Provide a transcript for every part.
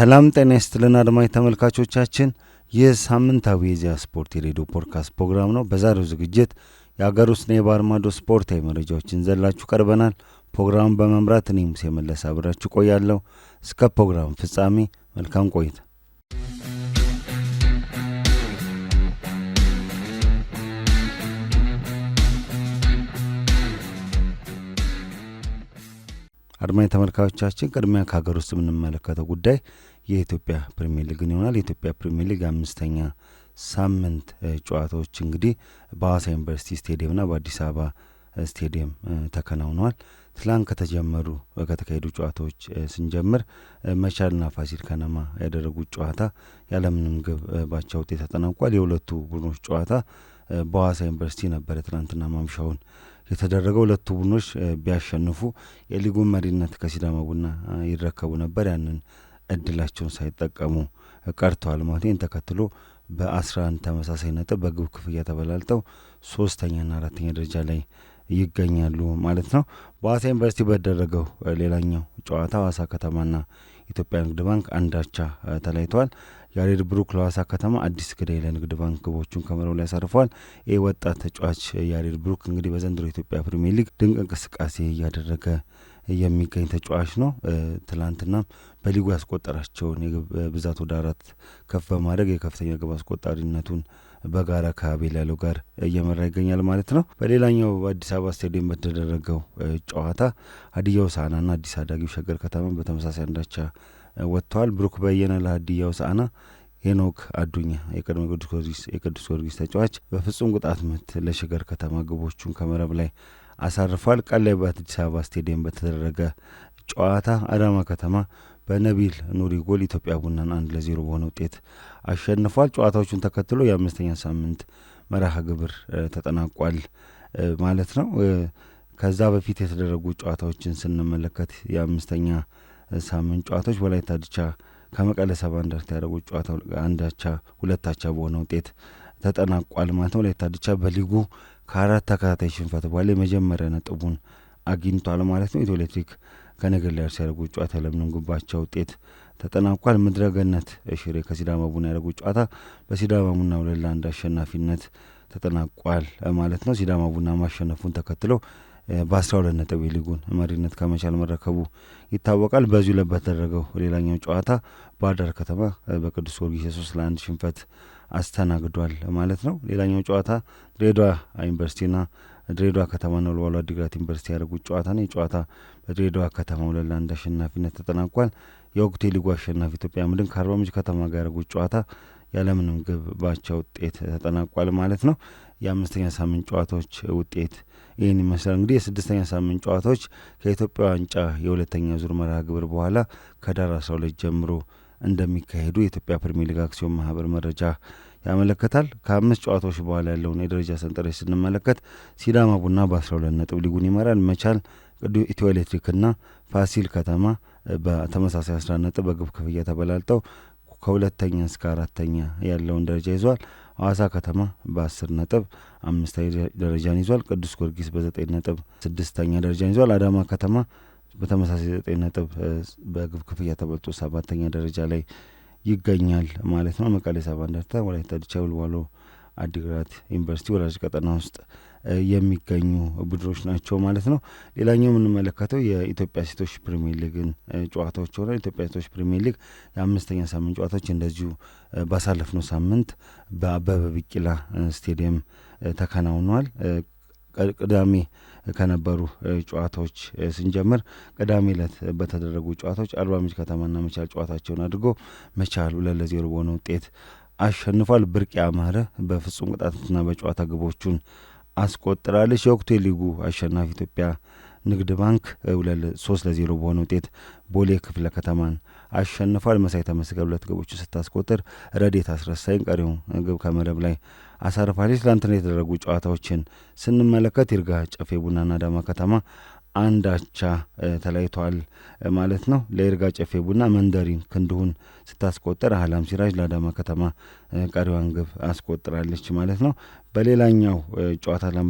ሰላም ጤና ይስጥልን አድማጭ ተመልካቾቻችን፣ ይህ ሳምንታዊ የኢዜአ ስፖርት የሬዲዮ ፖድካስት ፕሮግራም ነው። በዛሬው ዝግጅት የአገር ውስጥና የባህር ማዶ ስፖርታዊ መረጃዎችን ዘላችሁ ቀርበናል። ፕሮግራሙን በመምራት እኔ ሙሴ መለስ አብራችሁ ቆያለሁ። እስከ ፕሮግራም ፍጻሜ መልካም ቆይታ። አድማኝ ተመልካቾቻችን ቅድሚያ ከሀገር ውስጥ የምንመለከተው ጉዳይ የኢትዮጵያ ፕሪሚየር ሊግን ይሆናል። የኢትዮጵያ ፕሪሚየር ሊግ አምስተኛ ሳምንት ጨዋታዎች እንግዲህ በሀዋሳ ዩኒቨርሲቲ ስቴዲየምና በአዲስ አበባ ስቴዲየም ተከናውነዋል። ትላንት ከተጀመሩ ከተካሄዱ ጨዋታዎች ስንጀምር መቻልና ፋሲል ከነማ ያደረጉት ጨዋታ ያለምንም ግብ ባቻ ውጤት ተጠናቋል። የሁለቱ ቡድኖች ጨዋታ በዋሳ ዩኒቨርሲቲ ነበረ ትናንትና ማምሻውን የተደረገው። ሁለቱ ቡድኖች ቢያሸንፉ የሊጉን መሪነት ከሲዳማ ቡና ይረከቡ ነበር። ያንን እድላቸውን ሳይጠቀሙ ቀርተዋል ማለት ይህን ተከትሎ በአስራ አንድ ተመሳሳይ ነጥብ በግብ ክፍያ ተበላልጠው ሶስተኛና አራተኛ ደረጃ ላይ ይገኛሉ ማለት ነው። በአዋሳ ዩኒቨርሲቲ በደረገው ሌላኛው ጨዋታ ሀዋሳ ከተማና ኢትዮጵያ ንግድ ባንክ አንዳቻ ተለያይተዋል። ያሬድ ብሩክ ለሀዋሳ ከተማ፣ አዲስ ግዳይ ለንግድ ባንክ ግቦቹን ከመረብ ላይ ያሳርፈዋል። ይህ ወጣት ተጫዋች ያሬድ ብሩክ እንግዲህ በዘንድሮ ኢትዮጵያ ፕሪሚየር ሊግ ድንቅ እንቅስቃሴ እያደረገ የሚገኝ ተጫዋች ነው። ትላንትና በሊጉ ያስቆጠራቸውን የግብ ብዛት ወደ አራት ከፍ በማድረግ የከፍተኛ ግብ አስቆጣሪነቱን በጋራ ከቤላሎ ጋር እየመራ ይገኛል ማለት ነው። በሌላኛው አዲስ አበባ ስቴዲየም በተደረገው ጨዋታ ሀዲያ ሆሳዕናና አዲስ አዳጊው ሸገር ከተማ በተመሳሳይ አንዳቻ ወጥተዋል። ብሩክ በየነ ለሀዲያ ሆሳዕና ሄኖክ አዱኛ የቀድሞ ቅዱስ ጊዮርጊስ ተጫዋች በፍጹም ቅጣት ምት ለሸገር ከተማ ግቦቹን ከመረብ ላይ አሳርፏል። ቀላይ ላይ አበባ ስቴዲየም በተደረገ ጨዋታ አዳማ ከተማ በነቢል ኑሪ ጎል ኢትዮጵያ ቡናን አንድ ለዜሮ በሆነ ውጤት አሸንፏል። ጨዋታዎቹን ተከትሎ የአምስተኛ ሳምንት መርሃ ግብር ተጠናቋል ማለት ነው። ከዛ በፊት የተደረጉ ጨዋታዎችን ስንመለከት የአምስተኛ ሳምንት ጨዋታዎች ወላይታ ድቻ ከመቀለ ሰባ እንደርታ ያደረጉት ጨዋታ አንዳቻ ሁለታቻ በሆነ ውጤት ተጠናቋል ማለት ነው። ወላይታ ድቻ በሊጉ ከአራት ተከታታይ ሽንፈት በኋላ የመጀመሪያ ነጥቡን አግኝቷል ማለት ነው። ኢትዮ ኤሌክትሪክ ከነገር ላይ አርሲ ያደረጉት ጨዋታ ያለምንም ግብ ውጤት ተጠናቋል። ምድረገነት ሽሬ ከሲዳማ ቡና ያደረጉት ጨዋታ በሲዳማ ቡና ሁለት ለአንድ አሸናፊነት ተጠናቋል ማለት ነው። ሲዳማ ቡና ማሸነፉን ተከትሎ በአስራ ሁለት ነጥብ ሊጉን መሪነት ከመቻል መረከቡ ይታወቃል። በዚሁ ዕለት በተደረገው ሌላኛው ጨዋታ ባህር ዳር ከተማ በቅዱስ ጊዮርጊስ የሶስት ለአንድ ሽንፈት አስተናግዷል ማለት ነው። ሌላኛው ጨዋታ ድሬዳዋ ዩኒቨርሲቲና ድሬዳዋ ከተማና ወልዋሎ አዲግራት ዩኒቨርሲቲ ያደረጉት ጨዋታ ነው። የጨዋታ በድሬዳዋ ከተማ ሁለት ለአንድ አሸናፊነት ተጠናቋል። የወቅቱ የሊጉ አሸናፊ ኢትዮጵያ መድን ከአርባ ምንጭ ከተማ ጋር ያደረጉት ጨዋታ ያለምንም ግብ ባቻ ውጤት ተጠናቋል ማለት ነው። የአምስተኛ ሳምንት ጨዋታዎች ውጤት ይህን ይመስላል። እንግዲህ የስድስተኛ ሳምንት ጨዋታዎች ከኢትዮጵያ ዋንጫ የሁለተኛ ዙር መርሃ ግብር በኋላ ከዳር አስራ ሁለት ጀምሮ እንደሚካሄዱ የኢትዮጵያ ፕሪሚየር ሊግ አክሲዮን ማህበር መረጃ ያመለከታል። ከአምስት ጨዋታዎች በኋላ ያለውን የደረጃ ሰንጠረዥ ስንመለከት ሲዳማ ቡና በ12 ነጥብ ሊጉን ይመራል። መቻል፣ ኢትዮ ኤሌክትሪክና ፋሲል ከተማ በተመሳሳይ 11 ነጥብ በግብ ክፍያ ተበላልጠው ከሁለተኛ እስከ አራተኛ ያለውን ደረጃ ይዟል። ሐዋሳ ከተማ በ ነጥብ አምስተኛ ደረጃን ይዟል። ቅዱስ ጊዮርጊስ በዘጠኝ ነጥብ ስድስተኛ ደረጃን ይዟል። አዳማ ከተማ በተመሳሳይ ዘጠኝ ነጥብ በግብ ክፍያ ተበልጦ ሰባተኛ ደረጃ ላይ ይገኛል ማለት ነው። መቀሌ ሰባ እንደርታ፣ ወላይታ ዲቻ፣ ወልዋሎ አዲግራት ዩኒቨርሲቲ ወላጅ ቀጠና ውስጥ የሚገኙ ቡድኖች ናቸው ማለት ነው። ሌላኛው የምንመለከተው የኢትዮጵያ ሴቶች ፕሪሚየር ሊግን ጨዋታዎች ሆነ ኢትዮጵያ ሴቶች ፕሪሚየር ሊግ የአምስተኛ ሳምንት ጨዋታዎች እንደዚሁ ባሳለፍነው ሳምንት በአበበ ቢቂላ ስቴዲየም ተከናውኗል። ቅዳሜ ከነበሩ ጨዋታዎች ስንጀምር ቅዳሜ ዕለት በተደረጉ ጨዋታዎች አርባ ምንጭ ከተማና መቻል ጨዋታቸውን አድርጎ መቻል ሁለት ለዜሮ በሆነ ውጤት አሸንፏል። ብርቅ ያማረ በፍጹም ቅጣትና በጨዋታ ግቦቹን አስቆጥራለች። የወቅቱ የሊጉ አሸናፊ ኢትዮጵያ ንግድ ባንክ ሶስት ለዜሮ በሆነ ውጤት ቦሌ ክፍለ ከተማን አሸንፏል። መሳይ ተመስገን ሁለት ግቦች ስታስቆጥር ረዴት አስረሳይን ቀሪው ግብ ከመረብ ላይ አሳርፋለች። ትላንትና የተደረጉ ጨዋታዎችን ስንመለከት ይርጋ ጨፌ ቡናና አዳማ ከተማ አንዳቻ ተለያይተዋል ማለት ነው። ለይርጋ ጨፌ ቡና መንደሪን ክንድሁን ስታስቆጠር አህላም ሲራጅ ለአዳማ ከተማ ቀሪዋን ግብ አስቆጥራለች ማለት ነው። በሌላኛው ጨዋታ ላይ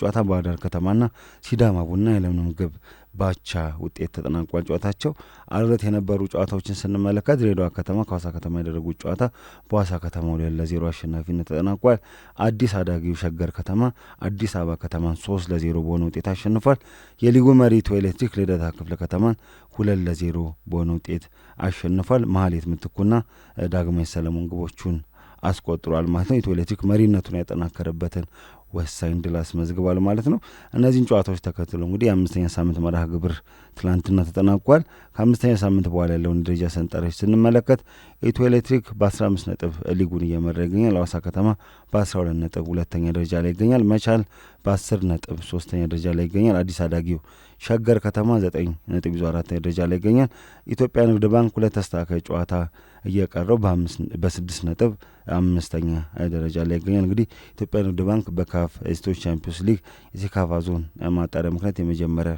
ጨዋታ ባህር ዳር ከተማና ሲዳማ ቡና ያለምንም ግብ ባቻ ውጤት ተጠናቋል። ጨዋታቸው አርበት የነበሩ ጨዋታዎችን ስንመለከት ድሬዳዋ ከተማ ከዋሳ ከተማ ያደረጉት ጨዋታ በዋሳ ከተማ ሁለት ለዜሮ አሸናፊነት ተጠናቋል። አዲስ አዳጊው ሸገር ከተማ አዲስ አበባ ከተማን ሶስት ለዜሮ በሆነ ውጤት አሸንፏል። የሊጉ መሪ ኢትዮ ኤሌክትሪክ ልደታ ክፍለ ከተማን ሁለት ለዜሮ በሆነ ውጤት አሸንፏል። መሀሌት ምትኩና ዳግማዊ ሰለሞን ግቦቹን አስቆጥሯል ማለት ነው። ኢትዮ ኤሌክትሪክ መሪነቱን ያጠናከረበትን ወሳኝ ድል አስመዝግቧል ማለት ነው። እነዚህን ጨዋታዎች ተከትሎ እንግዲህ የአምስተኛ ሳምንት መርሃ ግብር ትላንትና ተጠናቋል። ከአምስተኛ ሳምንት በኋላ ያለውን ደረጃ ሰንጠረዥ ስንመለከት ኢትዮ ኤሌክትሪክ በ15 ነጥብ ሊጉን እየመራ ይገኛል። ሐዋሳ ከተማ በ12 ነጥብ ሁለተኛ ደረጃ ላይ ይገኛል። መቻል በ10 ነጥብ ሶስተኛ ደረጃ ላይ ይገኛል። አዲስ አዳጊው ሸገር ከተማ 9 ነጥብ ይዞ አራተኛ ደረጃ ላይ ይገኛል። ኢትዮጵያ ንግድ ባንክ ሁለት ተስተካካይ ጨዋታ እየቀረው በስድስት ነጥብ አምስተኛ ደረጃ ላይ ይገኛል። እንግዲህ ኢትዮጵያ ንግድ ባንክ በካፍ ሴቶች ቻምፒዮንስ ሊግ የሴካፋ ዞን ማጣሪያ ምክንያት የመጀመሪያ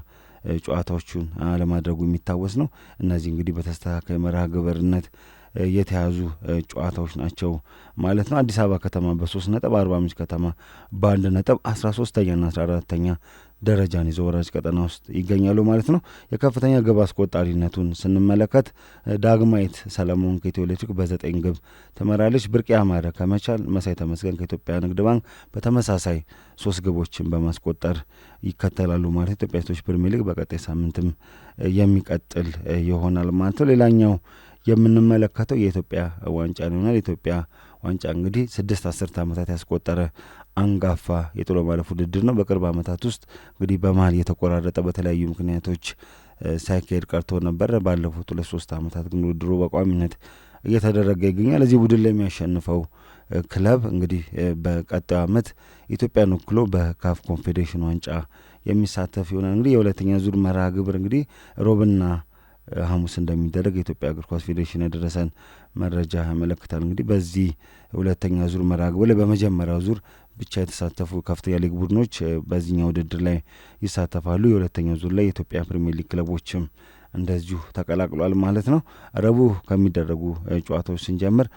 ጨዋታዎቹን አለማድረጉ የሚታወስ ነው። እነዚህ እንግዲህ በተስተካካይ መርሃ ግብርነት የተያዙ ጨዋታዎች ናቸው ማለት ነው። አዲስ አበባ ከተማ በሶስት ነጥብ አርባ ምንጭ ከተማ በአንድ ነጥብ አስራ ሶስተኛና አስራ አራተኛ ደረጃን ይዘው ወራጅ ቀጠና ውስጥ ይገኛሉ ማለት ነው። የከፍተኛ ግብ አስቆጣሪነቱን ስንመለከት ዳግማዊት ሰለሞን ከኢትዮ ኤሌክትሪክ በዘጠኝ ግብ ትመራለች። ብርቅ ያማረ ከመቻል፣ መሳይ ተመስገን ከኢትዮጵያ ንግድ ባንክ በተመሳሳይ ሶስት ግቦችን በማስቆጠር ይከተላሉ ማለት ኢትዮጵያ ሴቶች ፕሪሚየር ሊግ በቀጣይ ሳምንትም የሚቀጥል ይሆናል ማለት ነው። ሌላኛው የምንመለከተው የኢትዮጵያ ዋንጫ ይሆናል። ኢትዮጵያ ዋንጫ እንግዲህ ስድስት አስርት ዓመታት ያስቆጠረ አንጋፋ የጥሎ ማለፍ ውድድር ነው። በቅርብ ዓመታት ውስጥ እንግዲህ በመሀል የተቆራረጠ በተለያዩ ምክንያቶች ሳይካሄድ ቀርቶ ነበር። ባለፉት ሁለት ሶስት ዓመታት ግን ውድድሩ በቋሚነት እየተደረገ ይገኛል። እዚህ ቡድን ላይ የሚያሸንፈው ክለብ እንግዲህ በቀጣዩ ዓመት ኢትዮጵያን ወክሎ በካፍ ኮንፌዴሬሽን ዋንጫ የሚሳተፍ ይሆናል። እንግዲህ የሁለተኛ ዙር መርሃ ግብር እንግዲህ ሮብና ሐሙስ እንደሚደረግ የኢትዮጵያ እግር ኳስ ፌዴሬሽን የደረሰን መረጃ ያመለክታል። እንግዲህ በዚህ ሁለተኛ ዙር መርሃ ግብር ላይ በመጀመሪያው ዙር ብቻ የተሳተፉ ከፍተኛ ሊግ ቡድኖች በዚህኛው ውድድር ላይ ይሳተፋሉ። የሁለተኛው ዙር ላይ የኢትዮጵያ ፕሪምየር ሊግ ክለቦችም እንደዚሁ ተቀላቅሏል ማለት ነው። ረቡዕ ከሚደረጉ ጨዋታዎች ስንጀምር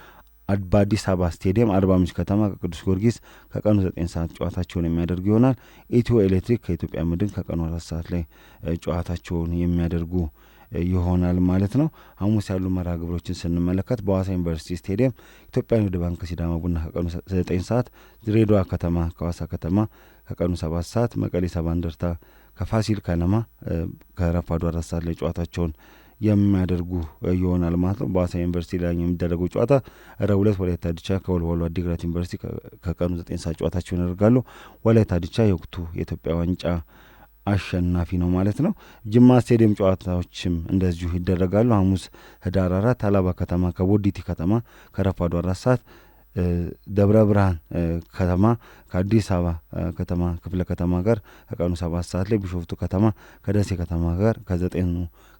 በአዲስ አበባ ስቴዲየም አርባ ምንጭ ከተማ ከቅዱስ ጊዮርጊስ ከቀኑ ዘጠኝ ሰዓት ጨዋታቸውን የሚያደርጉ ይሆናል። ኢትዮ ኤሌክትሪክ ከኢትዮጵያ ምድን ከቀኑ አራት ሰዓት ላይ ጨዋታቸውን የሚያደርጉ ይሆናል ማለት ነው። ሐሙስ ያሉ መርሃ ግብሮችን ስንመለከት በሐዋሳ ዩኒቨርሲቲ ስቴዲየም ኢትዮጵያ ንግድ ባንክ ሲዳማ ቡና ከቀኑ ዘጠኝ ሰዓት፣ ድሬዳዋ ከተማ ከሐዋሳ ከተማ ከቀኑ ሰባት ሰዓት፣ መቀሌ ሰባ እንደርታ ከፋሲል ከነማ ከረፋዱ አራት ሰዓት ላይ ጨዋታቸውን የሚያደርጉ ይሆናል ማለት ነው። በሐዋሳ ዩኒቨርሲቲ ላይኛው የሚደረገው ጨዋታ ረቡዕ ዕለት ወላይታ ዲቻ ከወልዋሎ አዲግራት ዩኒቨርሲቲ ከቀኑ ዘጠኝ ሰዓት ጨዋታቸውን ያደርጋሉ። ወላይታ ዲቻ የወቅቱ የኢትዮጵያ ዋንጫ አሸናፊ ነው ማለት ነው። ጅማ ስቴዲየም ጨዋታዎችም እንደዚሁ ይደረጋሉ። ሐሙስ ህዳር አራት አላባ ከተማ ከቦዲቲ ከተማ ከረፋዱ አራት ሰዓት ደብረ ብርሃን ከተማ ከአዲስ አበባ ከተማ ክፍለ ከተማ ጋር ከቀኑ ሰባት ሰዓት ላይ ቢሾፍቱ ከተማ ከደሴ ከተማ ጋር ከዘጠኑ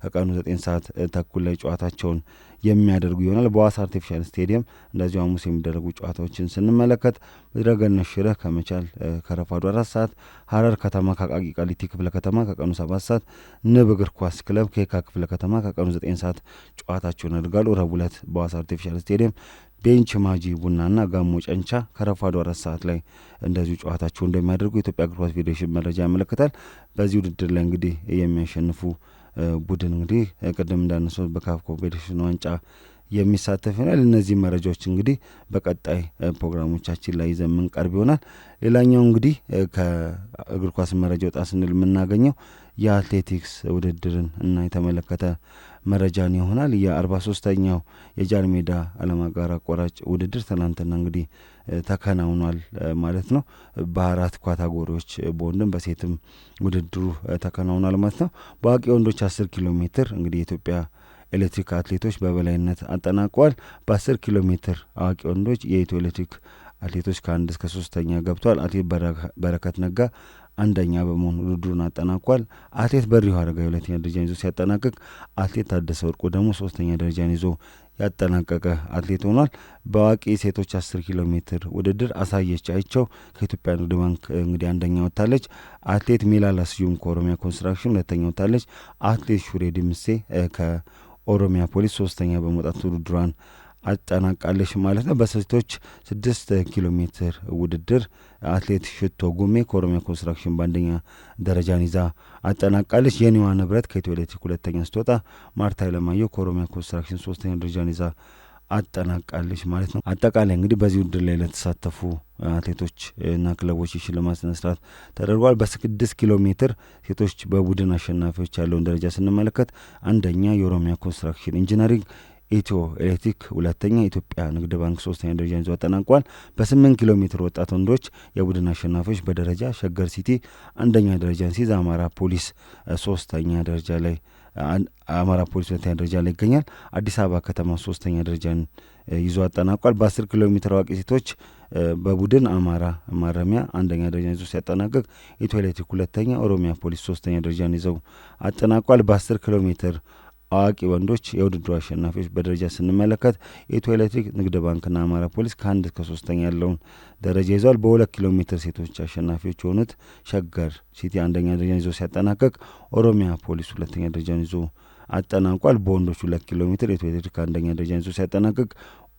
ከቀኑ ዘጠኝ ሰዓት ተኩል ላይ ጨዋታቸውን የሚያደርጉ ይሆናል። በዋሳ አርቲፊሻል ስቴዲየም እንደዚሁ ሐሙስ የሚደረጉ ጨዋታዎችን ስንመለከት ድረገነት ሽረህ ከመቻል ከረፋዱ አራት ሰዓት፣ ሀረር ከተማ ከአቃቂ ቃሊቲ ክፍለ ከተማ ከቀኑ ሰባት ሰዓት፣ ንብ እግር ኳስ ክለብ ከየካ ክፍለ ከተማ ከቀኑ ዘጠኝ ሰዓት ጨዋታቸውን ያደርጋሉ። ረቡዕ ዕለት በዋሳ አርቲፊሻል ስቴዲየም ቤንች ማጂ ቡናና ጋሞ ጨንቻ ከረፋዱ አራት ሰዓት ላይ እንደዚሁ ጨዋታቸው እንደሚያደርጉ የኢትዮጵያ እግር ኳስ ፌዴሬሽን መረጃ ያመለክታል። በዚህ ውድድር ላይ እንግዲህ የሚያሸንፉ ቡድን እንግዲህ ቅድም እንዳነሱት በካፍ ኮንፌዴሬሽን ዋንጫ የሚሳተፍ ይሆናል። እነዚህ መረጃዎች እንግዲህ በቀጣይ ፕሮግራሞቻችን ላይ ይዘን ቀርብ ይሆናል። ሌላኛው እንግዲህ ከእግር ኳስ መረጃ ወጣ ስንል የምናገኘው የአትሌቲክስ ውድድርን እና የተመለከተ መረጃን ይሆናል። የ43ኛው የጃን ሜዳ ዓለም አቀፍ አቋራጭ ውድድር ትናንትና እንግዲህ ተከናውኗል ማለት ነው። በአራት ኳታጎሪዎች በወንድም በሴትም ውድድሩ ተከናውኗል ማለት ነው። በአዋቂ ወንዶች አስር ኪሎ ሜትር እንግዲህ የኢትዮጵያ ኤሌክትሪክ አትሌቶች በበላይነት አጠናቀዋል። ኪሎ ሜትር አዋቂ ወንዶች የኢትዮ ኤሌክትሪክ አትሌቶች ከአንድ እስከ ሶስተኛ ገብተዋል አትሌት በረከት ነጋ አንደኛ በመሆን ውድድሩን አጠናቋል። አትሌት በሪሁ አረጋዊ ሁለተኛ ደረጃን ይዞ ሲያጠናቅቅ አትሌት ታደሰ ወርቁ ደግሞ ሶስተኛ ደረጃን ይዞ ያጠናቀቀ አትሌት ሆኗል። በአዋቂ ሴቶች አስር ኪሎ ሜትር ውድድር አሳየች አይቸው ከኢትዮጵያ ንግድ ባንክ እንግዲህ አንደኛ ወታለች አትሌት ሜላላ ስዩም ከኦሮሚያ ኮንስትራክሽን ሁለተኛ ወታለች አትሌት ሹሬ ድምሴ ከኦሮሚያ ፖሊስ ሶስተኛ በመውጣት ውድድሯን አጠናቃለች ማለት ነው። በሴቶች ስድስት ኪሎ ሜትር ውድድር አትሌት ሽቶ ጉሜ ከኦሮሚያ ኮንስትራክሽን በአንደኛ ደረጃን ይዛ አጠናቃለች። የኒዋ ንብረት ከኢትዮ ኤሌክትሪክ ሁለተኛ ስትወጣ፣ ማርታ ኃይለማየሁ ከኦሮሚያ ኮንስትራክሽን ሶስተኛ ደረጃን ይዛ አጠናቃለች ማለት ነው። አጠቃላይ እንግዲህ በዚህ ውድድር ላይ ለተሳተፉ አትሌቶች እና ክለቦች የሽልማት ስነስርዓት ስርዓት ተደርጓል። በስድስት ኪሎ ሜትር ሴቶች በቡድን አሸናፊዎች ያለውን ደረጃ ስንመለከት አንደኛ የኦሮሚያ ኮንስትራክሽን ኢንጂነሪንግ፣ ኢትዮ ኤሌክትሪክ ሁለተኛ፣ ኢትዮጵያ ንግድ ባንክ ሶስተኛ ደረጃን ይዞ አጠናቋል። በስምንት ኪሎ ሜትር ወጣት ወንዶች የቡድን አሸናፊዎች በደረጃ ሸገር ሲቲ አንደኛ ደረጃን ሲይዝ አማራ ፖሊስ ሶስተኛ ደረጃ ላይ አማራ ፖሊስ ሁለተኛ ደረጃ ላይ ይገኛል። አዲስ አበባ ከተማ ሶስተኛ ደረጃን ይዞ አጠናቋል። በአስር ኪሎ ሜትር አዋቂ ሴቶች በቡድን አማራ ማረሚያ አንደኛ ደረጃን ይዞ ሲያጠናቅቅ ኢትዮ ኤሌክትሪክ ሁለተኛ፣ ኦሮሚያ ፖሊስ ሶስተኛ ደረጃን ይዘው አጠናቋል። በአስር ኪሎ ሜትር አዋቂ ወንዶች የውድድሩ አሸናፊዎች በደረጃ ስንመለከት የኢትዮ ኤሌክትሪክ፣ ንግድ ባንክና አማራ ፖሊስ ከአንድ እስከ ሶስተኛ ያለውን ደረጃ ይዟል። በሁለት ኪሎ ሜትር ሴቶች አሸናፊዎች የሆኑት ሸገር ሲቲ አንደኛ ደረጃን ይዞ ሲያጠናቀቅ፣ ኦሮሚያ ፖሊስ ሁለተኛ ደረጃን ይዞ አጠናቋል። በወንዶች ሁለት ኪሎ ሜትር የኢትዮ ኤሌክትሪክ አንደኛ ደረጃን ይዞ ሲያጠናቅቅ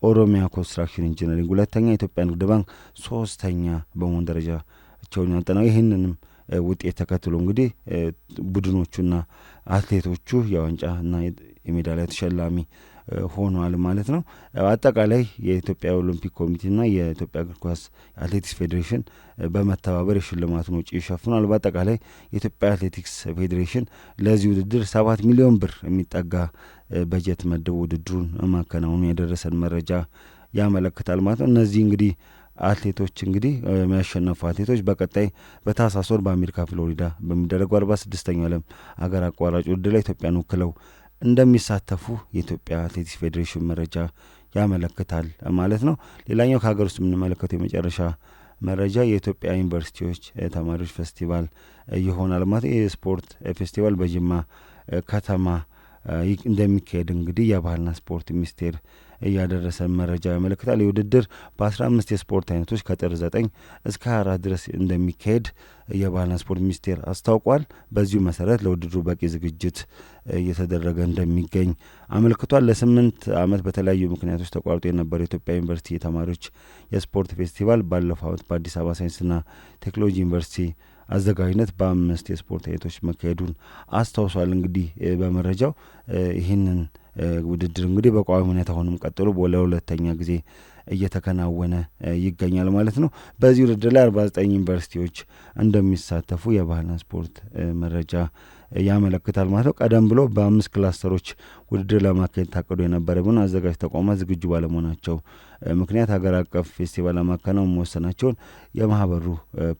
ኦሮሚያ ኮንስትራክሽን ኢንጂነሪንግ ሁለተኛ፣ ኢትዮጵያ ንግድ ባንክ ሶስተኛ በመሆን ደረጃቸውን ያጠናው ይህንንም ውጤት ተከትሎ እንግዲህ ቡድኖቹና አትሌቶቹ የዋንጫ እና የሜዳሊያ ተሸላሚ ሆኗል ማለት ነው። አጠቃላይ የኢትዮጵያ ኦሎምፒክ ኮሚቴና የኢትዮጵያ እግር ኳስ አትሌቲክስ ፌዴሬሽን በመተባበር የሽልማቱን ውጪ ይሸፍኗል። በአጠቃላይ የኢትዮጵያ አትሌቲክስ ፌዴሬሽን ለዚህ ውድድር ሰባት ሚሊዮን ብር የሚጠጋ በጀት መድቦ ውድድሩን ማከናወኑ የደረሰን መረጃ ያመለክታል ማለት ነው። እነዚህ እንግዲህ አትሌቶች እንግዲህ የሚያሸነፉ አትሌቶች በቀጣይ በታህሳስ ወር በአሜሪካ ፍሎሪዳ በሚደረገው አርባ ስድስተኛው ዓለም አገር አቋራጭ ውድድር ላይ ኢትዮጵያን ወክለው እንደሚሳተፉ የኢትዮጵያ አትሌቲክስ ፌዴሬሽን መረጃ ያመለክታል ማለት ነው። ሌላኛው ከሀገር ውስጥ የምንመለከተው የመጨረሻ መረጃ የኢትዮጵያ ዩኒቨርሲቲዎች ተማሪዎች ፌስቲቫል ይሆናል ማለት ነው። የስፖርት ፌስቲቫል በጅማ ከተማ እንደሚካሄድ እንግዲህ የባህልና ስፖርት ሚኒስቴር እያደረሰን መረጃ ያመለክታል። የውድድር በ15 የስፖርት አይነቶች ከጥር 9 እስከ 24 ድረስ እንደሚካሄድ የባህልና ስፖርት ሚኒስቴር አስታውቋል። በዚሁ መሰረት ለውድድሩ በቂ ዝግጅት እየተደረገ እንደሚገኝ አመልክቷል። ለስምንት ዓመት በተለያዩ ምክንያቶች ተቋርጦ የነበረው የኢትዮጵያ ዩኒቨርሲቲ የተማሪዎች የስፖርት ፌስቲቫል ባለፈው ዓመት በአዲስ አበባ ሳይንስና ቴክኖሎጂ ዩኒቨርሲቲ አዘጋጅነት በአምስት የስፖርት አይነቶች መካሄዱን አስታውሷል። እንግዲህ በመረጃው ይህንን ውድድር እንግዲህ በቋሚ ሁኔታ አሁንም ቀጥሎ ለሁለተኛ ጊዜ እየተከናወነ ይገኛል ማለት ነው። በዚህ ውድድር ላይ ዘጠኝ ዩኒቨርሲቲዎች እንደሚሳተፉ የባህልና ስፖርት መረጃ ያመለክታል ማለት ነው። ቀደም ብሎ በአምስት ክላስተሮች ውድድር ለማካሄድ ታቅዶ የነበረ ቢሆን አዘጋጅ ተቋማት ዝግጁ ባለመሆናቸው ምክንያት ሀገር አቀፍ ፌስቲቫል ለማከናወን መወሰናቸውን የማህበሩ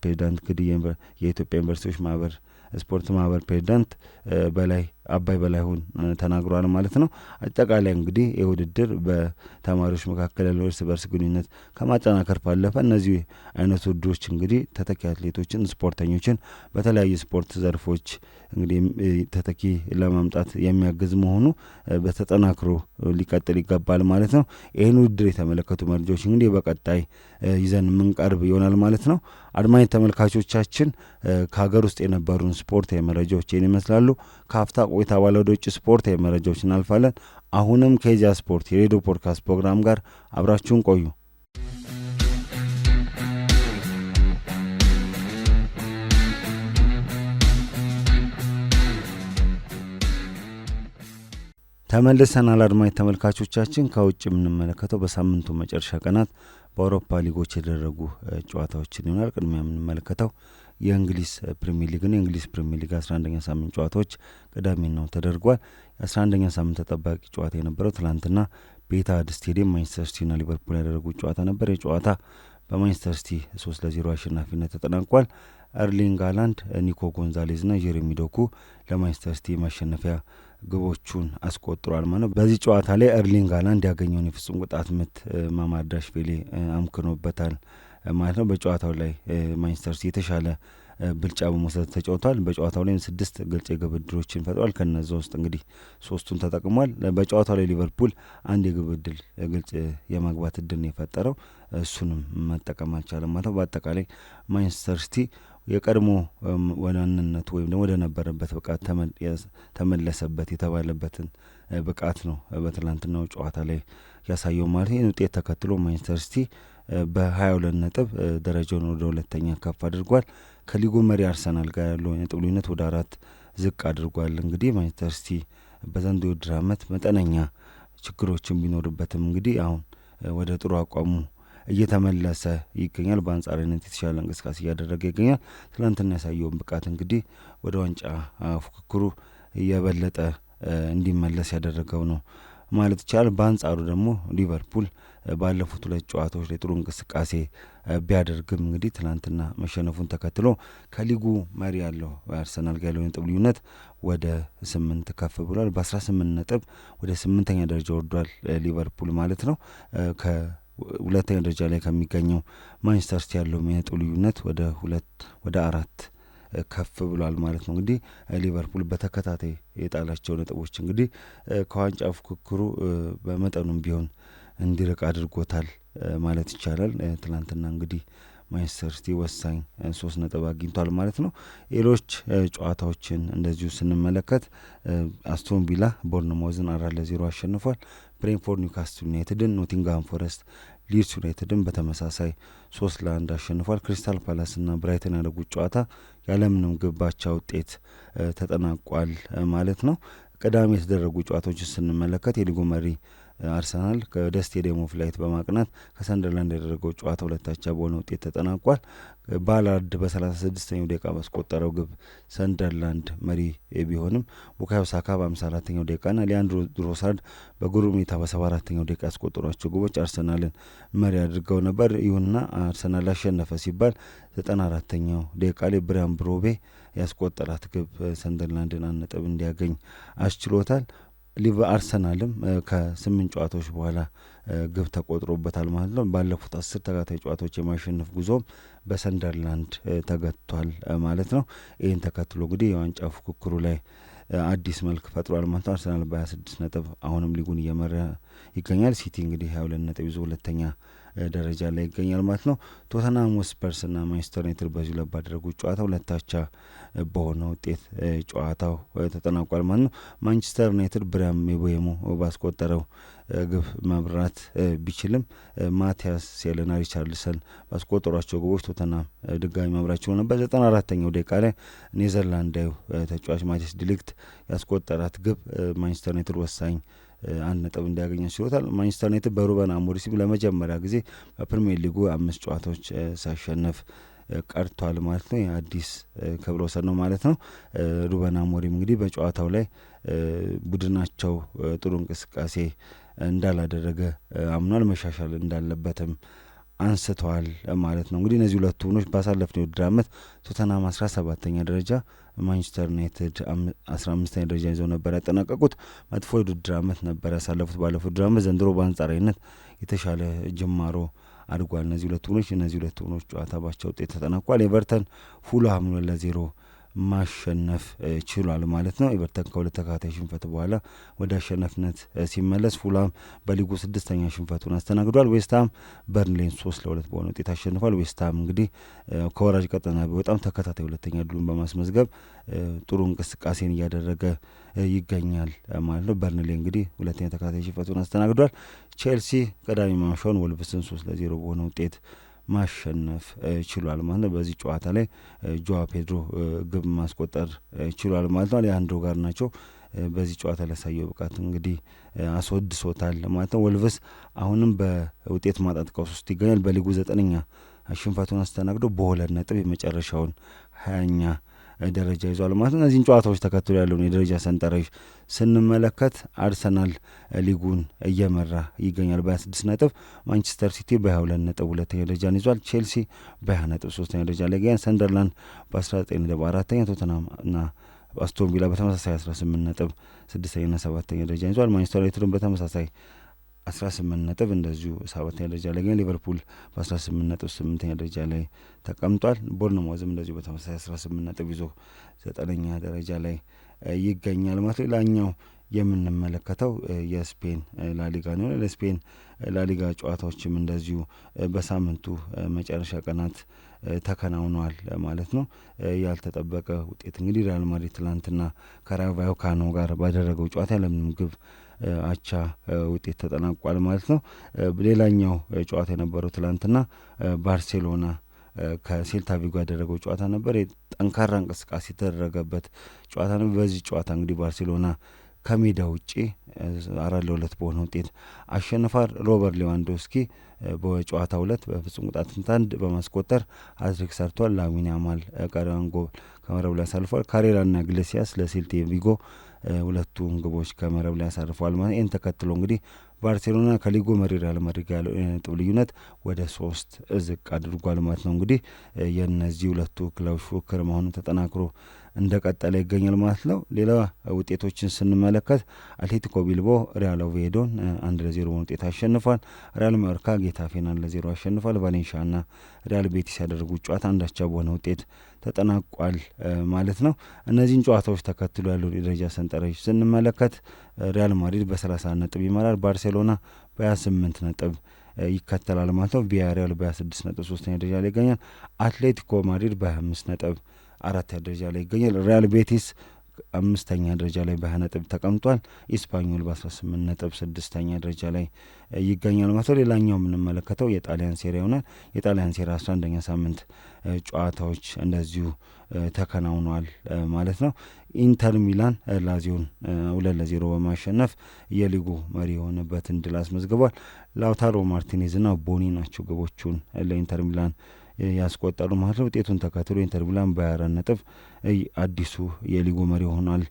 ፕሬዚዳንት ግድ የኢትዮጵያ ዩኒቨርሲቲዎች ማህበር ስፖርት ማህበር ፕሬዚዳንት በላይ አባይ በላይሁን ተናግሯል ማለት ነው። አጠቃላይ እንግዲህ ይህ ውድድር በተማሪዎች መካከል ያለው እርስ በርስ ግንኙነት ከማጠናከር ባለፈ እነዚህ አይነት ውድድሮች እንግዲህ ተተኪ አትሌቶችን፣ ስፖርተኞችን በተለያዩ ስፖርት ዘርፎች እንግዲህ ተተኪ ለማምጣት የሚያግዝ መሆኑ በተጠናክሮ ሊቀጥል ይገባል ማለት ነው። ይህን ውድድር የተመለከቱ መረጃዎች እንግዲህ በቀጣይ ይዘን የምንቀርብ ይሆናል ማለት ነው። አድማኝ ተመልካቾቻችን ከሀገር ውስጥ የነበሩን ስፖርት መረጃዎች ይህን ይመስላሉ። ከአፍታ ቆይታ በኋላ ወደ ውጭ ስፖርት መረጃዎች እናልፋለን። አሁንም ከዚያ ስፖርት የሬዲዮ ፖድካስት ፕሮግራም ጋር አብራችሁን ቆዩ። ተመልሰናል አድማጭ ተመልካቾቻችን። ከውጭ የምንመለከተው በሳምንቱ መጨረሻ ቀናት በአውሮፓ ሊጎች የደረጉ ጨዋታዎችን ይሆናል። ቅድሚያ የምንመለከተው የእንግሊዝ ፕሪሚየር ሊግና የእንግሊዝ ፕሪሚየር ሊግ 11ኛ ሳምንት ጨዋታዎች ቅዳሜ ነው ተደርጓል። የ11ኛ ሳምንት ተጠባቂ ጨዋታ የነበረው ትላንትና በኢቲሃድ ስቴዲየም ማንቸስተር ሲቲና ሊቨርፑል ያደረጉት ጨዋታ ነበር። የጨዋታ በማንቸስተር ሲቲ ሶስት ለዜሮ አሸናፊነት ተጠናቋል። ኤርሊንግ ሃላንድ፣ ኒኮ ና ጄሬሚ ዶኩ ለማንቸስተር ሲቲ ማሸነፊያ ግቦቹን አስቆጥሯል ማለት ነው። በዚህ ጨዋታ ላይ ኤርሊንግ ሃላንድ ያገኘውን የፍጹም ቅጣት ምት ማማርዳሽቪሊ አምክኖበታል። ማለት ነው። በጨዋታው ላይ ማንቸስተር ሲቲ የተሻለ ብልጫ በመውሰድ ተጫውቷል። በጨዋታው ላይም ስድስት ግልጽ የግብ ዕድሎችን ፈጥሯል። ከነዚ ውስጥ እንግዲህ ሶስቱን ተጠቅሟል። በጨዋታው ላይ ሊቨርፑል አንድ የግብ ዕድል ግልጽ የማግባት ዕድል ነው የፈጠረው፣ እሱንም መጠቀም አልቻለም ማለት ነው። በአጠቃላይ ማንቸስተር ሲቲ የቀድሞ ዋናነቱ ወይም ደግሞ ወደነበረበት ብቃት ተመለሰበት የተባለበትን ብቃት ነው በትላንትናው ጨዋታ ላይ ያሳየው ማለት ይህን ውጤት ተከትሎ ማንቸስተር ሲቲ በ22 ነጥብ ደረጃውን ወደ ሁለተኛ ከፍ አድርጓል። ከሊጉ መሪ አርሰናል ጋር ያለው የነጥብ ልዩነት ወደ አራት ዝቅ አድርጓል። እንግዲህ ማንቸስተር ሲቲ በዘንድሮው የውድድር ዓመት መጠነኛ ችግሮችን ቢኖርበትም እንግዲህ አሁን ወደ ጥሩ አቋሙ እየተመለሰ ይገኛል። በአንጻራዊነት የተሻለ እንቅስቃሴ እያደረገ ይገኛል። ትናንትና ያሳየውን ብቃት እንግዲህ ወደ ዋንጫ ፉክክሩ የበለጠ እንዲመለስ ያደረገው ነው ማለት ይቻላል። በአንጻሩ ደግሞ ሊቨርፑል ባለፉት ሁለት ጨዋታዎች ላይ ጥሩ እንቅስቃሴ ቢያደርግም እንግዲህ ትናንትና መሸነፉን ተከትሎ ከሊጉ መሪ ያለው አርሰናል ጋር ያለው ነጥብ ልዩነት ወደ ስምንት ከፍ ብሏል። በአስራ ስምንት ነጥብ ወደ ስምንተኛ ደረጃ ወርዷል ሊቨርፑል ማለት ነው። ከሁለተኛ ደረጃ ላይ ከሚገኘው ማንቸስተር ሲቲ ያለው የነጥብ ልዩነት ወደ ሁለት ወደ አራት ከፍ ብሏል ማለት ነው። እንግዲህ ሊቨርፑል በተከታታይ የጣላቸው ነጥቦች እንግዲህ ከዋንጫ ፉክክሩ በመጠኑም ቢሆን እንዲርቅ አድርጎታል ማለት ይቻላል። ትናንትና እንግዲህ ማንቸስተር ሲቲ ወሳኝ ሶስት ነጥብ አግኝቷል ማለት ነው። ሌሎች ጨዋታዎችን እንደዚሁ ስንመለከት አስቶን ቪላ ቦርንሞዝን አራት ለዜሮ አሸንፏል። ብሬንፎርድ ኒውካስትል ዩናይትድን፣ ኖቲንግሃም ፎረስት ሊድስ ዩናይትድን በተመሳሳይ ሶስት ለአንድ አሸንፏል። ክሪስታል ፓላስና ብራይተን ያደረጉት ጨዋታ ያለምንም ግብ አቻ ውጤት ተጠናቋል ማለት ነው። ቅዳሜ የተደረጉ ጨዋታዎችን ስንመለከት የሊጉ መሪ አርሰናል ወደ ስቴዲየም ኦፍ ላይት በማቅናት ከሰንደርላንድ ያደረገው ጨዋታ ሁለታቻ በሆነ ውጤት ተጠናቋል። ባላርድ በሰላሳ ስድስተኛው ደቂቃ ባስቆጠረው ግብ ሰንደርላንድ መሪ ቢሆንም ቡካዮ ሳካ በአምሳ አራተኛው ና ሊያንድሮ ትሮሳርድ በግሩም ሁኔታ በሰባ አራተኛው ደቂቃ ያስቆጠሯቸው ግቦች አርሰናልን መሪ አድርገው ነበር። ይሁንና አርሰናል ላሸነፈ ሲባል ዘጠና አራተኛው ደቂቃ ላይ ብሪያን ብሮቤ ያስቆጠራት ግብ ሰንደርላንድን አንድ ነጥብ እንዲያገኝ አስችሎታል። ሊቨ አርሰናልም ከስምንት ጨዋታዎች በኋላ ግብ ተቆጥሮበታል ማለት ነው። ባለፉት አስር ተከታታይ ጨዋታዎች የማሸነፍ ጉዞም በሰንደርላንድ ተገጥቷል ማለት ነው። ይህን ተከትሎ እንግዲህ የዋንጫ ፉክክሩ ላይ አዲስ መልክ ፈጥሯል ማለት ነው። አርሰናል በ26 ነጥብ አሁንም ሊጉን እየመራ ይገኛል። ሲቲ እንግዲህ 22 ነጥብ ይዞ ሁለተኛ ደረጃ ላይ ይገኛል ማለት ነው። ቶተናም ቶተንሃም ስፐርስና ማንቸስተር ዩናይትድ በዚሁ ላይ ባደረጉት ጨዋታ ሁለታቻ በሆነ ውጤት ጨዋታው ተጠናቋል ማለት ነው። ማንቸስተር ዩናይትድ ብሪያን ምቤሞ ባስቆጠረው ግብ መብራት ቢችልም ማቲያስ ሴልና ሪቻርልሰን ባስቆጠሯቸው ግቦች ቶተናም ድጋሚ መብራት ችሎ ነበር። ዘጠና አራተኛው ደቂቃ ላይ ኔዘርላንዳዊው ተጫዋች ማቲያስ ዲሊክት ያስቆጠራት ግብ ማንቸስተር ዩናይትድ ወሳኝ አንድ ነጥብ እንዲያገኝ አስችሎታል። ማንቸስተር ዩናይትድ በሩበን አሞሪም ለመጀመሪያ ጊዜ በፕሪሚየር ሊጉ አምስት ጨዋታዎች ሳሸነፍ ቀርቷል ማለት ነው። አዲስ ክብረ ወሰን ነው ማለት ነው። ሩበን አሞሪም እንግዲህ በጨዋታው ላይ ቡድናቸው ጥሩ እንቅስቃሴ እንዳላደረገ አምኗል። መሻሻል እንዳለበትም አንስተዋል ማለት ነው። እንግዲህ እነዚህ ሁለቱ ቡድኖች ባሳለፍነው የውድድር ዓመት ቶተናም አስራ ሰባተኛ ደረጃ ማንቸስተር ዩናይትድ አስራ አምስተኛ ደረጃ ይዘው ነበር ያጠናቀቁት። መጥፎ የውድድር ዓመት ነበር ያሳለፉት ባለፈው የውድድር ዓመት። ዘንድሮ በአንጻራዊነት የተሻለ ጅማሮ አድጓል። እነዚህ ሁለት ቡድኖች እነዚህ ሁለት ቡድኖች ጨዋታ ባቻ ውጤት ተጠናቋል። ኤቨርተን ፉልሃምን ሁለት ለዜሮ ማሸነፍ ችሏል ማለት ነው። ኤቨርተን ከሁለት ተከታታይ ሽንፈት በኋላ ወደ አሸናፊነት ሲመለስ፣ ፉላም በሊጉ ስድስተኛ ሽንፈቱን አስተናግዷል። ዌስትሃም በርንሌን ሶስት ለሁለት በሆነ ውጤት አሸንፏል። ዌስትሃም እንግዲህ ከወራጅ ቀጠና በጣም ተከታታይ ሁለተኛ ድሉን በማስመዝገብ ጥሩ እንቅስቃሴን እያደረገ ይገኛል ማለት ነው። በርንሌ እንግዲህ ሁለተኛ ተከታታይ ሽንፈቱን አስተናግዷል። ቼልሲ ቀዳሚ ማሻውን ወልቭስን ሶስት ለዜሮ በሆነ ውጤት ማሸነፍ ችሏል ማለት ነው። በዚህ ጨዋታ ላይ ጆዋ ፔድሮ ግብ ማስቆጠር ችሏል ማለት ነው። አሌሃንድሮ ጋር ናቸው በዚህ ጨዋታ ላሳየው ብቃት እንግዲህ አስወድሶታል ማለት ነው። ወልቭስ አሁንም በውጤት ማጣት ቀውስ ውስጥ ይገኛል። በሊጉ ዘጠነኛ ሽንፈቱን አስተናግዶ በሁለት ነጥብ የመጨረሻውን ሀያኛ ደረጃ ይዟል ማለት ነው። እነዚህን ጨዋታዎች ተከትሎ ያለውን የደረጃ ሰንጠረዥ ስንመለከት አርሰናል ሊጉን እየመራ ይገኛል በ26 ነጥብ። ማንቸስተር ሲቲ በ22 ነጥብ ሁለተኛ ደረጃን ይዟል። ቼልሲ በ ነጥብ ሶስተኛ ደረጃ ላይ ይገኛል። ሰንደርላንድ በ19 ነጥብ አራተኛ፣ ቶተናም እና አስቶን ቪላ በተመሳሳይ 18 ነጥብ ስድስተኛና ሰባተኛ ደረጃን ይዟል። ማንቸስተር ዩናይትድን በተመሳሳይ አስራ ስምንት ነጥብ እንደዚሁ ሰባተኛ ደረጃ ላይ ግን ሊቨርፑል በ18 ነጥብ ስምንተኛ ደረጃ ላይ ተቀምጧል። ቦርንማውዝም እንደዚሁ በተመሳሳይ 18 ነጥብ ይዞ ዘጠነኛ ደረጃ ላይ ይገኛል ማለት ሌላኛው የምንመለከተው የስፔን ላሊጋ ነው። ለስፔን ላሊጋ ጨዋታዎችም እንደዚሁ በሳምንቱ መጨረሻ ቀናት ተከናውነዋል ማለት ነው። ያልተጠበቀ ውጤት እንግዲህ ሪያል ማድሪድ ትናንትና ካኖ ጋር ባደረገው ጨዋታ ያለምንም ግብ አቻ ውጤት ተጠናቋል ማለት ነው። ሌላኛው ጨዋታ የነበረው ትላንትና ባርሴሎና ከሴልታ ቪጎ ያደረገው ጨዋታ ነበር። ጠንካራ እንቅስቃሴ የተደረገበት ጨዋታ ነው። በዚህ ጨዋታ እንግዲህ ባርሴሎና ከሜዳ ውጪ አራት ለሁለት በሆነ ውጤት አሸንፏል። ሮበርት ሌዋንዶስኪ በጨዋታ ሁለት በፍጹም ቅጣት ምት አንድ በማስቆጠር ሃትሪክ ሰርቷል። ላሚን ያማል ቀሪዋን ጎል ከመረብ ላይ አሳልፏል። ካሬራና ግሌሲያስ ለሴልቴ ቪጎ ሁለቱም ግቦች ከመረብ ላይ አሳርፈዋል። ማለት ይህን ተከትሎ እንግዲህ ባርሴሎና ከሊጎ መሪ ሪያል ማድሪድ ያለው ነጥብ ልዩነት ወደ ሶስት ዝቅ አድርጓል ማለት ነው። እንግዲህ የእነዚህ ሁለቱ ክለቦች ፉክክር መሆኑን ተጠናክሮ እንደቀጠለ ይገኛል ማለት ነው። ሌላ ውጤቶችን ስንመለከት አትሌቲኮ ቢልቦ ሪያል ኦቪዬዶን አንድ ለዜሮ ውጤት አሸንፏል። ሪያል ማዮርካ ጌታፌን አንድ ለዜሮ አሸንፏል። ና ሪያል ቤቲስ ያደረጉት ጨዋታ አንዳቻ በሆነ ውጤት ተጠናቋል ማለት ነው። እነዚህን ጨዋታዎች ተከትሎ ያሉ የደረጃ ሰንጠረዥ ስንመለከት ሪያል ማድሪድ በ30 ነጥብ ይመራል። ባርሴሎና በ28 ነጥብ ይከተላል ማለት ነው። ቪያሪያል በ26 ነጥብ ሶስተኛ ደረጃ ላይ ይገኛል። አትሌቲኮ ማድሪድ በ25 ነጥብ አራተኛ ደረጃ ላይ ይገኛል። ሪያል ቤቲስ አምስተኛ ደረጃ ላይ በሀያ ነጥብ ተቀምጧል። ኢስፓኞል በአስራ ስምንት ነጥብ ስድስተኛ ደረጃ ላይ ይገኛል ማለት ነው። ሌላኛው የምንመለከተው የጣሊያን ሴራ ይሆናል። የጣሊያን ሴራ አስራ አንደኛ ሳምንት ጨዋታዎች እንደዚሁ ተከናውኗል ማለት ነው። ኢንተር ሚላን ላዚዮን ሁለት ለዜሮ በማሸነፍ የሊጉ መሪ የሆነበትን ድል አስመዝግቧል። ላውታሮ ማርቲኔዝና ቦኒ ናቸው ግቦቹን ለኢንተር ሚላን ያስቆጠሩ ማለት ውጤቱን ተከትሎ ኢንተር ሚላን በ ነጥብ አዲሱ የሊጉ መሪ ሆኗል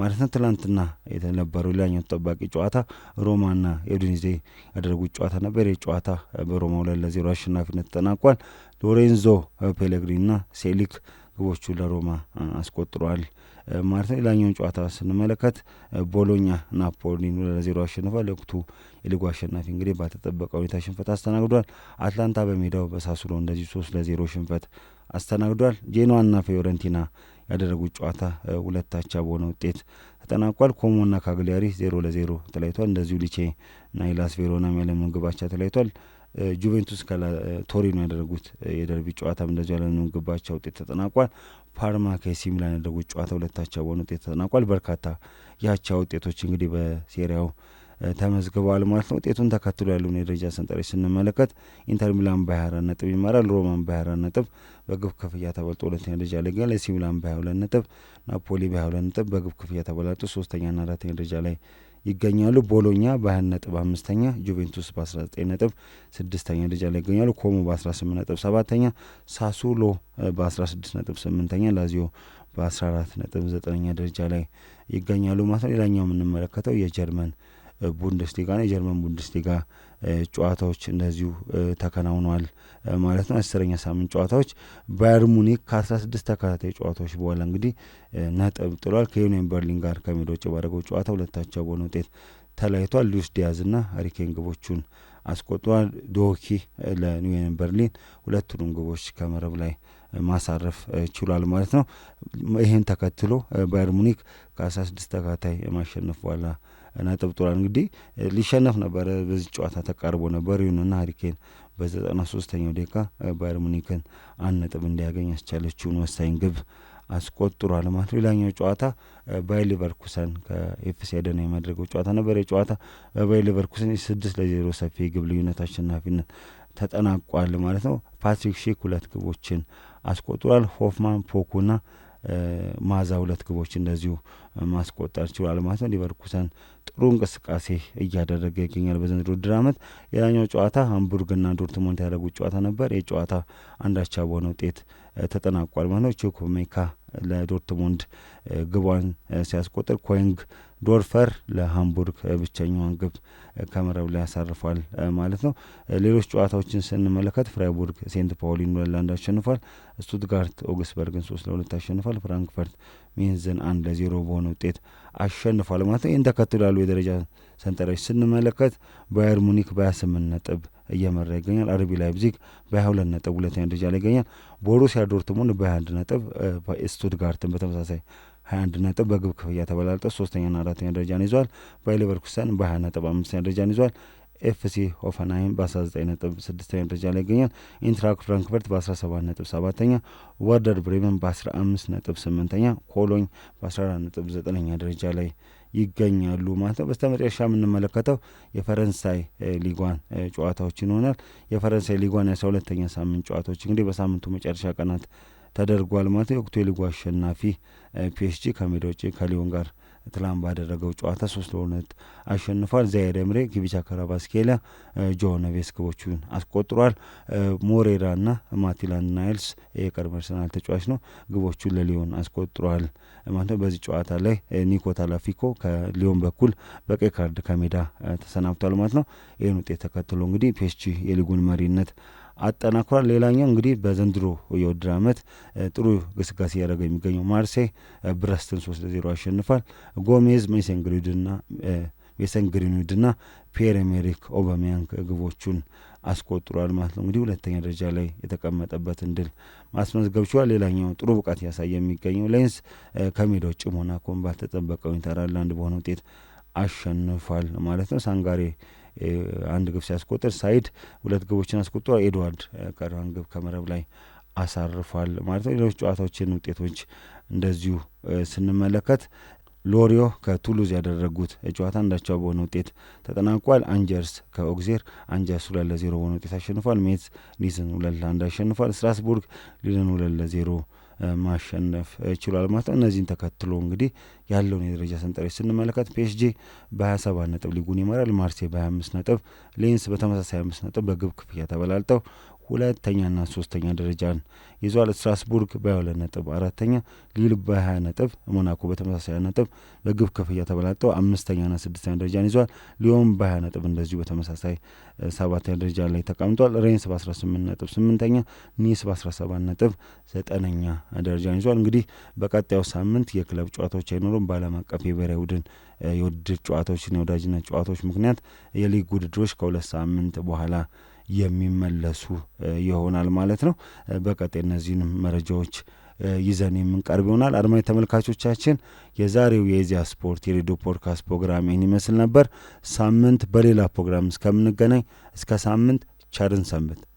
ማለት ነው። ትላንትና የተነበረው ሌላኛው ተጠባቂ ጨዋታ ሮማና ኤዱኒዜ ያደረጉት ጨዋታ ነበር። ይህ ጨዋታ በሮማ ሁለት ለዜሮ አሸናፊነት ተጠናቋል። ሎሬንዞ ፔሌግሪና ሴሊክ ግቦቹ ለሮማ አስቆጥረዋል። ማለት ነው። ሌላኛውን ጨዋታ ስንመለከት ቦሎኛ ናፖሊን ለዜሮ አሸንፏል። የወቅቱ የሊጉ አሸናፊ እንግዲህ ባልተጠበቀ ሁኔታ ሽንፈት አስተናግዷል። አትላንታ በሜዳው በሳሱሎ እንደዚህ ሶስት ለዜሮ ሽንፈት አስተናግዷል። ጄኖዋና ፊዮረንቲና ያደረጉት ጨዋታ ሁለት አቻ በሆነ ውጤት ተጠናቋል። ኮሞና ካግሊያሪ ዜሮ ለዜሮ ተለያይቷል። እንደዚሁ ሊቼ እና ሄላስ ቬሮናም ያለምንም ግብ አቻ ተለያይቷል። ጁቬንቱስ ከቶሪኖ ያደረጉት የደርቢ ጨዋታም እንደዚሁ ያለምንም ግብ አቻ ውጤት ተጠናቋል። ፓርማ ከኤሲ ሚላን ያደረጉት ጨዋታ ሁለታቸው በሆነ ውጤት ተጠናቋል። በርካታ ያቻ ውጤቶች እንግዲህ በሴሪያው ተመዝግበዋል ማለት ነው። ውጤቱን ተከትሎ ያለውን የደረጃ ሰንጠረዥ ስንመለከት ኢንተር ሚላን በ24 ነጥብ ይመራል። ሮማን በ24 ነጥብ በግብ ክፍያ ተበልጦ ሁለተኛ ደረጃ ላይ ይገኛል። ኤሲ ሚላን በ22 ነጥብ፣ ናፖሊ በ22 ነጥብ በግብ ክፍያ ተበላልጦ ሶስተኛና አራተኛ ደረጃ ላይ ይገኛሉ። ቦሎኛ በ20 ነጥብ አምስተኛ፣ ጁቬንቱስ በ19 ነጥብ ስድስተኛ ደረጃ ላይ ይገኛሉ። ኮሞ በ18 ነጥብ ሰባተኛ፣ ሳሱሎ በ16 ነጥብ ስምንተኛ፣ ላዚዮ በ14 ነጥብ ዘጠነኛ ደረጃ ላይ ይገኛሉ ማለት ነው። ሌላኛው የምንመለከተው የጀርመን ቡንደስሊጋ ነው። የጀርመን ቡንደስሊጋ ጨዋታዎች እንደዚሁ ተከናውነዋል ማለት ነው። አስረኛ ሳምንት ጨዋታዎች ባየር ሙኒክ ከ ስድስት ተከታታይ ጨዋታዎች በኋላ እንግዲህ ነጥብ ጥሏል። ከዩኒየን በርሊን ጋር ከሜዳ ውጭ ባደረገው ጨዋታ ሁለታቸው በሆነ ውጤት ተለያይቷል። ሉዊስ ዲያዝና ሃሪኬን ግቦቹን አስቆጥሯል። ዶኪ ለዩኒየን በርሊን ሁለቱንም ግቦች ከመረብ ላይ ማሳረፍ ችሏል ማለት ነው። ይህን ተከትሎ ባየር ሙኒክ ከ ስድስት ተከታታይ ማሸነፍ በኋላ ነጥብ ጥሏል። እንግዲህ ሊሸነፍ ነበረ በዚህ ጨዋታ ተቃርቦ ነበር። ይሁንና ሀሪኬን በዘጠና ሶስተኛው ደቂቃ ባየር ሙኒክን አንድ ነጥብ እንዲያገኝ ያስቻለችውን ወሳኝ ግብ አስቆጥሯል ማለት ሌላኛው ጨዋታ ባይ ሊቨርኩሰን ከኤፍሲ አደና የሚያደርገው ጨዋታ ነበር። የጨዋታ ባይ ሊቨርኩሰን ስድስት ለዜሮ ሰፊ ግብ ልዩነት አሸናፊነት ተጠናቋል ማለት ነው። ፓትሪክ ሼክ ሁለት ግቦችን አስቆጥሯል። ሆፍማን ፖኩና ማዛ ሁለት ግቦች እንደዚሁ ማስቆጠር ችሏል ማለት ነው። ሊቨርኩሰን ጥሩ እንቅስቃሴ እያደረገ ይገኛል በዘንድሮ ውድድር ዓመት። ሌላኛው ጨዋታ ሃምቡርግና ዶርትሞንት ያደረጉት ጨዋታ ነበር። ይህ ጨዋታ አንዳቻ በሆነ ውጤት ተጠናቋል ማለት ነው። ቼኮሜካ ለዶርትሙንድ ግቧን ሲያስቆጥር ኮይንግ ዶርፈር ለሃምቡርግ ብቸኛዋን ግብ ከመረብ ላይ ያሳርፏል ማለት ነው። ሌሎች ጨዋታዎችን ስንመለከት ፍራይቡርግ ሴንት ፓውሊን ሁለት ለአንድ አሸንፏል። ስቱትጋርት ኦግስበርግን ሶስት ለሁለት አሸንፏል። ፍራንክፈርት ሚንዝን አንድ ለዜሮ በሆነ ውጤት አሸንፏል ማለት ነው። ይህን ተከትሎ ያሉ የደረጃ ሰንጠረዥ ስንመለከት ባየር ሙኒክ በ ነጥብ እየመራ ይገኛል። አርቢ ላይፕዚግ በ22 2 ነጥብ ሁለተኛ ደረጃ ላይ ይገኛል። ቦሩሲያ ዶርትሙንድ በ21 ነጥብ፣ ስቱትጋርትን በተመሳሳይ 21 ነጥብ በግብ ክፍያ ተበላልጦ ሶስተኛና አራተኛ ደረጃን ይዟል። ባየር ሌቨርኩሰን በ20 ነጥብ አምስተኛ ደረጃን ይዟል። ኤፍሲ ሆፈንሃይም በ19 ነጥብ ደረጃ ላይ ይገኛል። ኢንትራክ ፍራንክፈርት በ17 7ተኛ ወርደር ብሬመን በ15 ነጥብ ስምንተኛ፣ ኮሎኝ በ14 ነጥብ ዘጠነኛ ደረጃ ላይ ይገኛሉ ማለት ነው። በስተመጨረሻ የምንመለከተው የፈረንሳይ ሊጓን ጨዋታዎች ይሆናል። የፈረንሳይ ሊጓን የአስራ ሁለተኛ ሳምንት ጨዋታዎች እንግዲህ በሳምንቱ መጨረሻ ቀናት ተደርጓል ማለት ነው። የወቅቱ የሊጉ አሸናፊ ፒኤስጂ ከሜዳ ውጭ ከሊዮን ጋር ትላንት ባደረገው ጨዋታ ሶስት ለሁለት አሸንፏል። ዛይር ምሬ፣ ጊቢቻ ካራባስኬላ፣ ጆ ነቬስ ግቦቹን አስቆጥሯል። ና ማቲላን ናይልስ የቀድሞ አርሰናል ተጫዋች ነው፣ ግቦቹን ለሊዮን አስቆጥሯል ማለት ነው። በዚህ ጨዋታ ላይ ኒኮ ታላፊኮ ከሊዮን በኩል በቀይ ካርድ ከሜዳ ተሰናብቷል ማለት ነው። ይህን ውጤት ተከትሎ እንግዲህ ፔስቺ የሊጉን መሪነት አጠናክሯል። ሌላኛው እንግዲህ በዘንድሮ የውድድር ዓመት ጥሩ ግስጋሴ እያደረገ የሚገኘው ማርሴይ ብረስትን ሶስት ለዜሮ አሸንፏል። ጎሜዝ ሜሰን ግሪንውድና ሜሰን ግሪንውድና ፒየር ኤሜሪክ ኦባሜያንግ ግቦቹን አስቆጥሯል ማለት ነው። እንግዲህ ሁለተኛ ደረጃ ላይ የተቀመጠበትን ድል ማስመዝገብ ችሏል። ሌላኛው ጥሩ ብቃት ያሳየ የሚገኘው ሌንስ ከሜዳ ውጭ ሞናኮን ባልተጠበቀ ሁኔታ አንድ ለአንድ በሆነ ውጤት አሸንፏል ማለት ነው። ሳንጋሬ አንድ ግብ ሲያስቆጥር ሳይድ ሁለት ግቦችን አስቆጥሮ ኤድዋርድ ቀሪዋን ግብ ከመረብ ላይ አሳርፏል ማለት ነው። ሌሎች ጨዋታዎችን ውጤቶች እንደዚሁ ስንመለከት ሎሪዮ ከቱሉዝ ያደረጉት ጨዋታ አንዳቸው በሆነ ውጤት ተጠናቋል። አንጀርስ ከኦግዜር አንጀርስ ሁለት ለዜሮ በሆነ ውጤት አሸንፏል። ሜትስ ሊዝን ሁለት ለአንድ አሸንፏል። ስትራስቡርግ ሊዝን ሁለት ለዜሮ ማሸነፍ ችሏል ማለት ነው። እነዚህን ተከትሎ እንግዲህ ያለውን የደረጃ ሰንጠረዥ ስንመለከት ፒኤስጂ በ27 ነጥብ ሊጉን ይመራል። ማርሴ በሀያ አምስት ነጥብ፣ ሌንስ በተመሳሳይ አምስት ነጥብ በግብ ክፍያ ተበላልጠው ሁለተኛና ሶስተኛ ደረጃን ይዟል። ስትራስቡርግ በ22 ነጥብ አራተኛ፣ ሊል በ20 ነጥብ፣ ሞናኮ በተመሳሳይ ነጥብ በግብ ክፍያ ተበላጠው አምስተኛና ስድስተኛ ደረጃን ይዟል። ሊዮን በ20 ነጥብ እንደዚሁ በተመሳሳይ ሰባተኛ ደረጃ ላይ ተቀምጧል። ሬንስ በ ስምንት ነጥብ ስምንተኛ፣ ኒስ በ ሰባት ነጥብ ዘጠነኛ ደረጃን ይዟል። እንግዲህ በቀጣዩ ሳምንት የክለብ ጨዋታዎች አይኖሩም። በዓለም አቀፍ የብሔራዊ ቡድን የውድድር ጨዋታዎችና የወዳጅነት ጨዋታዎች ምክንያት የሊግ ውድድሮች ከሁለት ሳምንት በኋላ የሚመለሱ ይሆናል ማለት ነው። በቀጣይ እነዚህንም መረጃዎች ይዘን የምንቀርብ ይሆናል። አድማጭ ተመልካቾቻችን የዛሬው የኢዜአ ስፖርት የሬዲዮ ፖድካስት ፕሮግራም ይህን ይመስል ነበር። ሳምንት በሌላ ፕሮግራም እስከምንገናኝ እስከ ሳምንት ቸርን ሰንብት።